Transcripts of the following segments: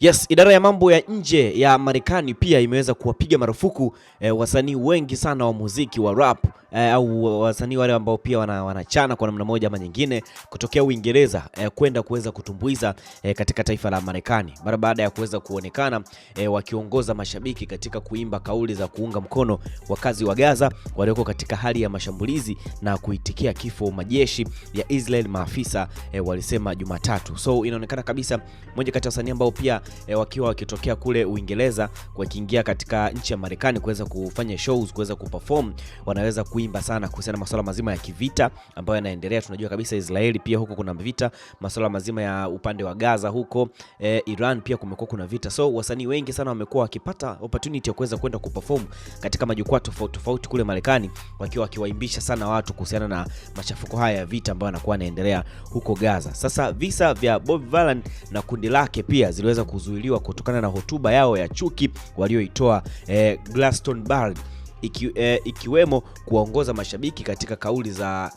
Yes, idara ya mambo ya nje ya Marekani pia imeweza kuwapiga marufuku eh, wasanii wengi sana wa muziki wa rap eh, au wasanii wale ambao pia wana, wanachana kwa namna moja ama nyingine kutokea Uingereza eh, kwenda kuweza kutumbuiza eh, katika taifa la Marekani mara baada ya kuweza kuonekana eh, wakiongoza mashabiki katika kuimba kauli za kuunga mkono wakazi wa Gaza walioko katika hali ya mashambulizi na kuitikia kifo majeshi ya Israel, maafisa eh, walisema Jumatatu. So inaonekana kabisa mmoja kati ya wasanii ambao pia eh, wakiwa wakitokea kule Uingereza wakiingia katika nchi ya Marekani kuweza kufanya shows, kuweza kuperform wanaweza ku kuimba sana kuhusiana na masuala mazima ya kivita ambayo yanaendelea. Tunajua kabisa Israeli pia huko kuna vita, masuala mazima ya upande wa Gaza huko e, Iran pia kumekuwa kuna vita, so wasanii wengi sana wamekuwa wakipata opportunity ya kuweza kwenda kuperform katika majukwaa tofauti tofauti kule Marekani, wakiwa wakiwaimbisha sana watu kuhusiana na machafuko haya ya vita ambayo yanakuwa yanaendelea huko Gaza. Sasa visa vya Bob Valan na kundi lake pia ziliweza kuzuiliwa kutokana na hotuba yao ya chuki walioitoa eh, Glastonbury iki, e, ikiwemo kuwaongoza mashabiki katika kauli za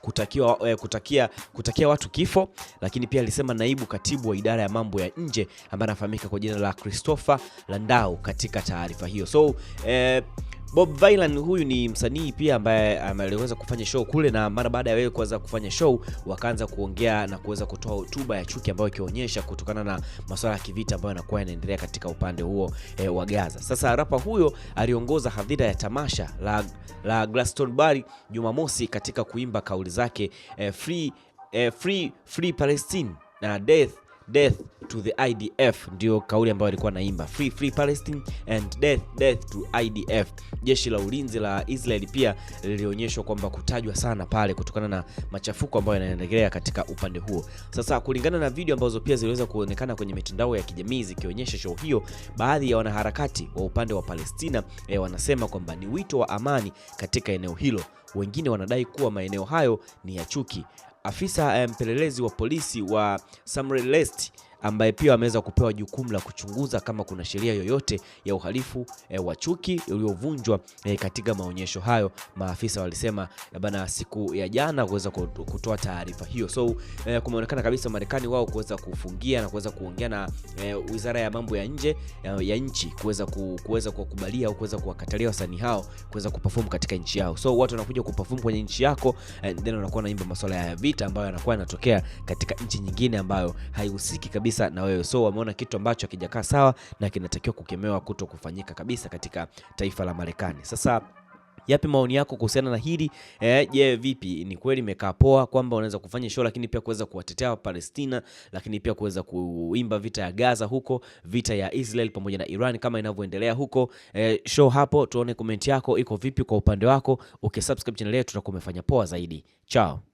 kutakiwa, e, kutakia, kutakia watu kifo, lakini pia alisema naibu katibu wa idara ya mambo ya nje ambaye anafahamika kwa jina la Christopher Landau katika taarifa hiyo so e, Bob Vailan huyu ni msanii pia ambaye aliweza kufanya show kule, na mara baada ya wewe kuweza kufanya show wakaanza kuongea na kuweza kutoa hotuba ya chuki ambayo ikionyesha kutokana na masuala ya kivita ambayo yanakuwa yanaendelea katika upande huo e, wa Gaza. Sasa rapa huyo aliongoza hadhira ya tamasha la, la Glastonbury Jumamosi katika kuimba kauli zake e, free, e, free, free Palestine na death, death to the IDF, ndio kauli ambayo alikuwa anaimba, free free Palestine and death death to IDF. Jeshi la ulinzi la Israeli pia lilionyeshwa kwamba kutajwa sana pale kutokana na machafuko ambayo yanaendelea katika upande huo. Sasa kulingana na video ambazo pia ziliweza kuonekana kwenye mitandao ya kijamii zikionyesha show hiyo, baadhi ya wanaharakati wa upande wa Palestina eh, wanasema kwamba ni wito wa amani katika eneo hilo. Wengine wanadai kuwa maeneo hayo ni ya chuki. Afisa eh, mpelelezi wa polisi wa samrelest ambaye pia ameweza kupewa jukumu la kuchunguza kama kuna sheria yoyote ya uhalifu e, wa chuki uliovunjwa e, katika maonyesho hayo. Maafisa walisema eh, bana siku ya jana kuweza kutoa taarifa hiyo. So e, kumeonekana kabisa Marekani wao kuweza kufungia na kuweza kuongea na e, Wizara ya Mambo ya Nje ya, e, ya nchi kuweza kuweza kuwakubalia au kuweza kuwakatalia wasanii hao kuweza kuperform katika nchi yao. So watu wanakuja kuperform kwenye nchi yako and then wanakuwa naimba masuala ya vita ambayo yanakuwa yanatokea katika nchi nyingine ambayo haihusiki kabisa kabisa na wewe. So wameona kitu ambacho hakijakaa sawa na kinatakiwa kukemewa kuto kufanyika kabisa katika taifa la Marekani. Sasa yapi maoni yako kuhusiana na hili eh? Je, vipi, ni kweli imekaa poa kwamba unaweza kufanya show lakini pia kuweza kuwatetea Palestina, lakini pia kuweza kuimba vita ya Gaza huko, vita ya Israel pamoja na Iran kama inavyoendelea huko eh? Show hapo, tuone komenti yako iko vipi kwa upande wako. Ukisubscribe channel yetu tutakuwa umefanya poa zaidi. Chao.